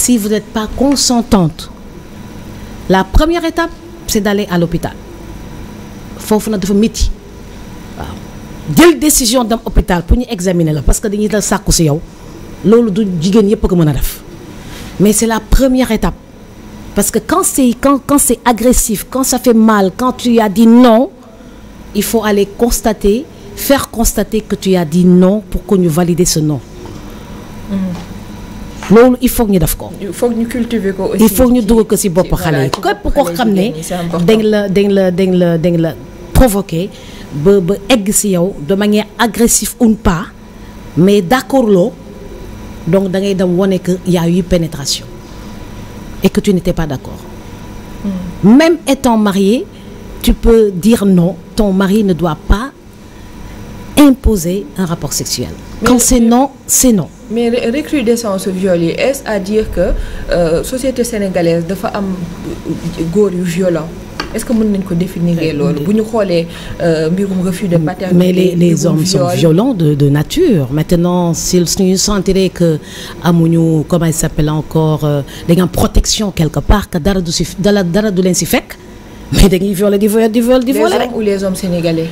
si vous n'êtes pas consentante la première étape c'est d'aller à l'hôpital foofu nag dafa métti waaw jël décision dem hôpital pour ñu examiner la parce que dañuy dal sàkku si yow loolu du jigéen yépp a ko mën a def mais c'est la première étape parce que quand c'est quand quand c'est agressif quand ça fait mal quand tu as dit non il faut aller constater faire constater que tu as dit non pour que ñu valider ce non. Mm. loolu il faut ñu def ko. il faut ñu cultiver ko aussi. il faut ñu dugal ko ci bopp xale yi képp koo xam ne dañ la dañ la dañ la dañ la provoqué ba ba egg ci yow de manière agressive ou pas mais d'accord loo donc da ngay dem wane que y a eu pénétration et que tu n'étais pas d'accord mm. même étant marié tu peux dire non ton mari ne doit pas imposer un rapport sexuel mais quand c'est non c'est non mais recrudescence viol yi est-ce à dire que euh, société dafa am góor yu violent est-ce que mun nañ ko définir loolu bu ñu xoolee euh, mbirum refus de paternité mais les les hommes sont violents de de nature maintenant s'ils suñu sentiraient que amuñu comment il s'appelle encore euh, dañu am protection quelque part que dara du si dara du leen si fekk mais dañuy violer di violer di violer di violer rek les hommes ou les hommes sénégalais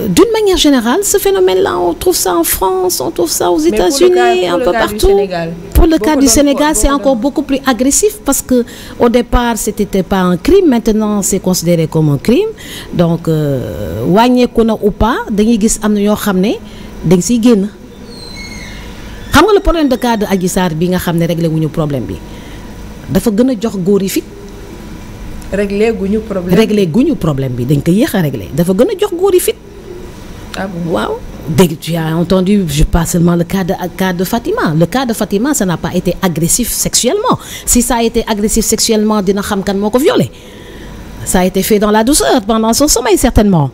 d'une manière général ce phénomène-là, on trouve ça en France, on trouve ça aux États-Unis, un peu partout. Sénégal, pour le cas du Sénégal, c'est encore beaucoup plus agressif parce que au départ, c'était pas un crime, maintenant c'est considéré comme un crime. Donc euh, wàññeeku na ou pas dañuy gis am na yoo xam ne dañ si génn. xam nga la problème de cas de Adji bi nga xam ne réglé wuñu problème bi dafa gën a jox góor yi fit réglé guñu problème guñu problème bi dañ ko yéex a réglé dafa gën a jox góor fit ah bon waaw. dégg tu entendu je pas seulement le cas de cas de Fatima le cas de Fatima ça n'a pas été agressif sexuellement si ça a été agressif sexuellement dina xam kan moo ko violé ça a été fait dans la douceur pendant son sommeil certainement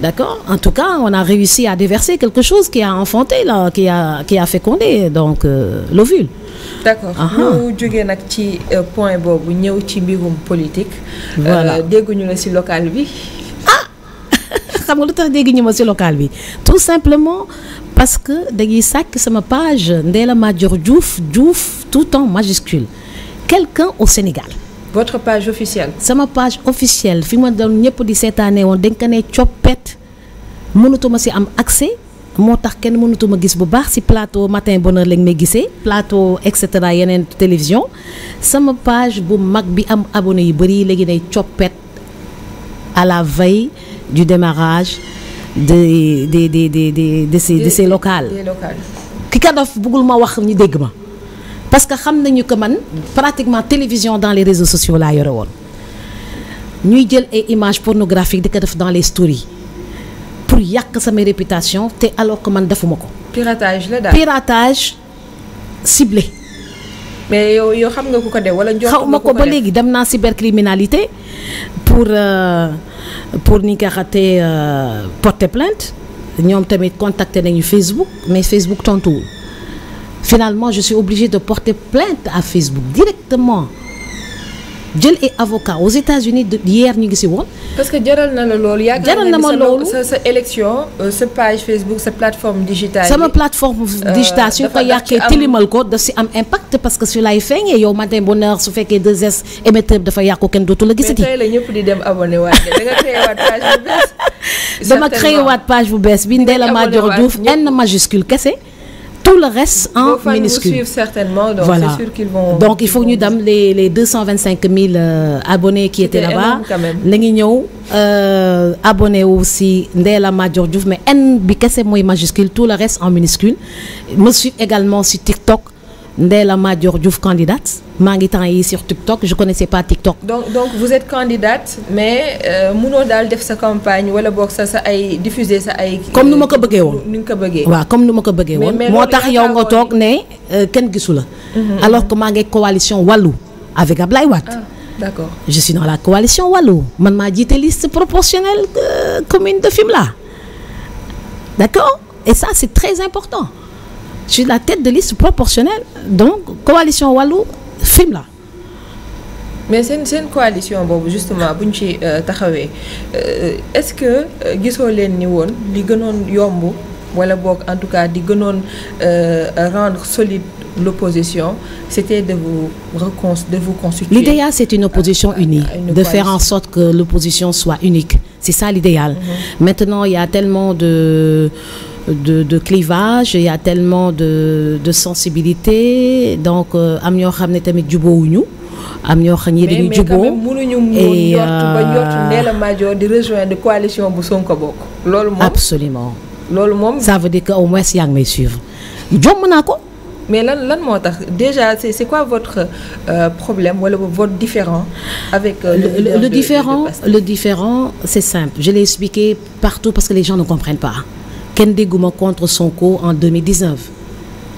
d'accord en tout cas on a réussi à déverser quelque chose qui a enfanté là qui a fécondé donc euh, l'ovule d'accord ñu jógee nag ci euh, point boobu ñëw ci mbirum politique. voilà euh, dégguñu la ci local bi. xam nga lu tax dégg ñu ma ci local bi tout simplement parce que dañuy sàkk sama page Ndella Madior Diouf Diouf tout en majuscule quelqu'un au Sénégal. votre page sama page officielle fi ma doon ñëpp di seetaanee woon dañ ko ne coppet mënatuma si am accès. moo tax kenn mënatuma gis bu baax ci plateau matin bonheur lañ may gisee plateau et cetera yeneen télévision sama page bu mag bi am abone yu bëri léegi nay coppet à la veille du démarrage des des des des des de ces de ces locales. ki ka dof bëggul ma wax ñu dégg ma parce que xam nañu que man pratiquement télévision dans les réseaux sociaux laa yore woon ñuy jël ay images pornographiques di ko def dans les stories pour yàq sama réputation te alors que man defuma ko. piratage piratage ciblé. mais yow yow xam nga ku ko def wala. xaw ma ko ba léegi dem naa cybercriminalité pour euh, pour ni nga xatee euh, porter plainte ñoom tamit contacté nañu Facebook mais Facebook tontuwul finalement je suis obligée de porter plainte à Facebook directement. jël ay avocat aux États-Unis de hier ñu ngi si woon. parce que jaral na la loolu. jaral na ma loolu sa sa élection euh, sa page Facebook sa plateforme digitale. sama plateforme euh, digitale suñ ko yàqee tilimal ko daf si am impact parce que su lay feeñee yow matin bonheur su fekkee 2S émetteur dafa yàqu kenn dootu la gisati. mais tey la di dem abonné waat da nga créé waat page bu bees. bi créé la page bu bees bi Ndella Madior Diouf N majuscule kese. tout le reste en minuscule certainement donc voilà. c'est sûr qu'ils vont donc il faut ñu dem les les deux cent vingt cinq mille euh, abonnés qui étaient là-bas na ngi ñëw euh, abonné wu si Ndella Madior Diouf mais N bi kese mooy majuscule tout le reste en minuscule me suivre également sur TikTok Ndella Madior Diouf candidate maa ngi temps yi sur TikTok je connaissais pas TikTok. donc donc vous êtes candidate mais euh, munoo daal def sa campagne wala boog sa sa ay diffuser sa ay. comme nu ma ko bëggee woon ni nga ko bëggee. waaw comme nu ma ko bëggee woon. moo tax yow nga toog ne euh, kenn gisu la. Mhm. alors que maa ngi coalition wallu avec Ablaye Wade. Ah. D'accord. Je suis dans la coalition Wallu man maa jiite liste proportionnelle euh, commune de Fimela d'accord et ça c'est très important je suis la tête de liste proportionnelle donc coalition wallu sim la mais seen seen coalition boobu justement buñ ci euh, taxawee euh, est-ce que euh, gisoo leen ni woon li gënoon yomb wala boog en tout cas di gënoon rendre solide l'opposition c'était de vous recon de vous constituer. l'idéal c'est une opposition ah, unie. Une de faire en sorte que l'opposition soit unique c'est ça l'idéal. Mm-hmm. maintenant il y a tellement de. de, de clivage il y tellement de de sensibilité donc euh, am ñoo xam ne tamit jubóowuñu am ñoo xam ne dañu jubóo mais mais mënuñu mu njort ba njort euh, Ndella Madior di rejoindre coalition bu Sonko bokk. loolu absolument loolu moom. ça veut dire que au moins yaa ngi suivre jomm naa ko. mais lan lan moo tax déjà c'est c'est quoi votre euh, problème wala votre différent avec euh, le le, le de, le différent c'est simple je l'ai expliqué partout parce que les gens ne comprennent pas. kenn dégguma contre Sonko en 2019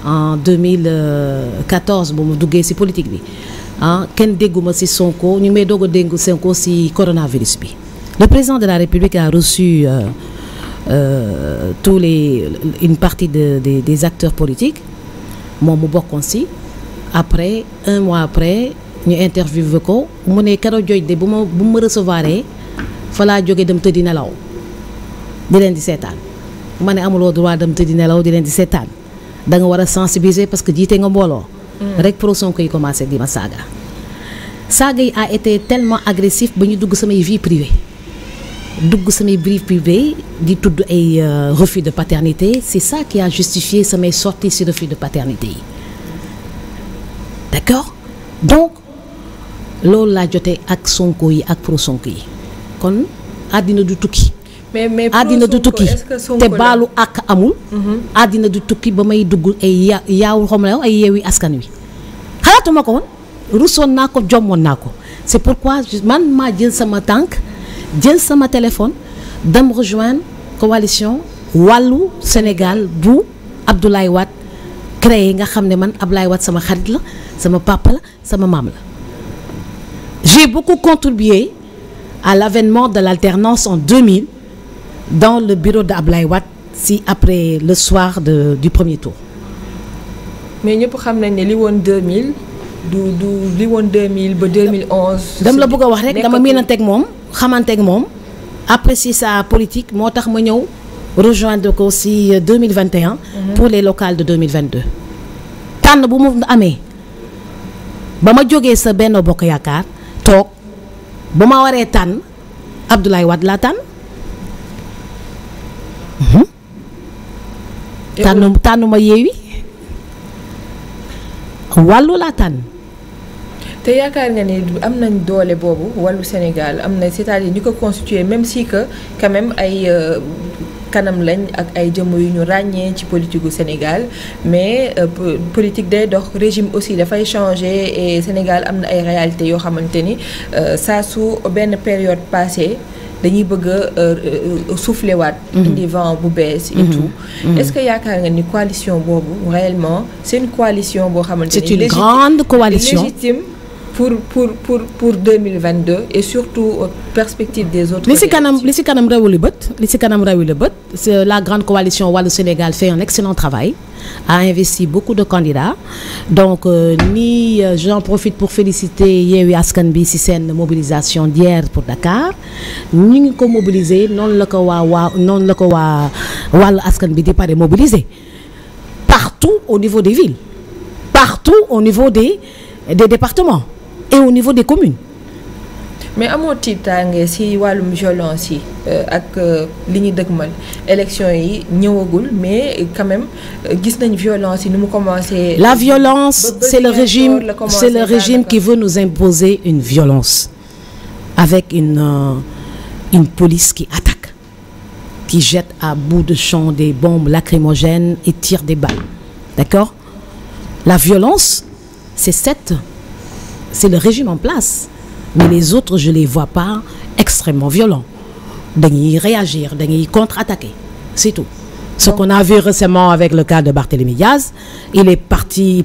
en 2014 ba mu duggee ci politique bi ah kenn dégguma ci Sonko ñu may doog a dégg Sonko ci coronavirus bi le président de la République a reçu euh, euh, tous les une partie de, de des acteurs politiques moom mu bokkoon ci après un mois après ñu interviewé ko mu ne keroog jooj de bu ma bu ma recevoir fa laa jógee dem tëddi nelaw di leen di seetaan. ma ne amuloo droit dem tëddi nelaw di leen di seetaan danga war a sensibiliser parce que jiite nga mbooloo. Mm. rek pro Sonko yi commencé di ma saaga. saaga yi a tellement agressif ba ñu dugg samay vie dugg samay vie privée di tudd ay euh, refus de paternité c'est ça qui a samay sorties ci refus de paternité yi d'accord loolu laa jotee ak Sonko yi ak pro Sonko yi kon àddina du tukki. mais mais àddina du tukki te baalu àq amul. Mhm. àddina du tukki ba may dugg ay ya yaawul xaw ma ay yeewi askan wi xalaatuma ko woon rusoon naa ko jommoon naa ko c'est pourquoi man maa jël sama tànk jël sama téléphone dem rejoindre coalition wàllu Sénégal bu Abdoulaye Wade créé nga xam ne man Abdoulaye Wade sama xarit la sama papa la sama maam la j'ai beaucoup contribué à l'avènement de l'alternance en 2000 dans le bureau d'Ablaye wat si après le soir de du premier tour. mais ñëpp xam nañ ne li woon deux mille du du li woon mille ba 2011. dama la bëgg a wax rek dama miinanteeg moom xamanteek moom apprécier sa politique moo tax ma ñëw rejoindre ko si 2021. Euh, mhm. pour les locales de 2022. tànn bu mu amee ba ma jógee sa benn bokk yaakaar toog ba ma waree tànn Abdoulaye wat laa tànn. tànn tànnuma yeewi wàllu laa tànn. te yaakaar nga ni am nañ doole boobu wàllu Sénégal am na cest à ñu ko constitué même si ko quand même ay euh, kanam lañ ak ay jëmm yu ñu ràññee ci politique gu Sénégal mais euh, politique day dox régime aussi dafay changer et Sénégal am na ay réalités yoo xamante ni euh, saa su benn période passée. dañuy bëgg a euh, euh, souffler waat. Mhm. indi vent bu bees. et mhm. tout mhm. est-ce que yaakaar nga ni coalition boobu réellement c'est coalition boo xamante ni. c'est une grande coalition légitime. pour pour pour pour 2022 et surtout aux perspectives des autres. li si kanam li si kanam rawu la bët li si kanam rawu la bët la grande coalition Wallu Sénégal fait un excellent travail a investi beaucoup de candidats donc euh, ni euh, j'en profite pour féliciter Yewwi Askan Bi si seen mobilisation d'hier pour Dakar ñu ngi ko mobiliser noonu la ko waa waa noonu la ko waa Wallu Askan Bi di pare mobiliser partout au niveau des villes au niveau des des départements. et au niveau des communes. mais amoo tiitaange ci wàllum violence yi euh, ak euh, li ñu dëgmal élection yi ñëwagul mais quand même euh, gis nañ violence yi ni mu commencé. la violence c'est le régime c'est le régime qui veut nous imposer une violence avec une euh, une police qui attaque qui jette à bout de champ des bombes lacrymogènes et tire des balles d'accord la violence c'est cette c'est le régime en place mais les autres je les vois pas extrêmement violents dañuy réagir dañuy contre-attaquer c'est tout ce qu'on a vu récemment avec le cas de Barthélémy Diaz il est parti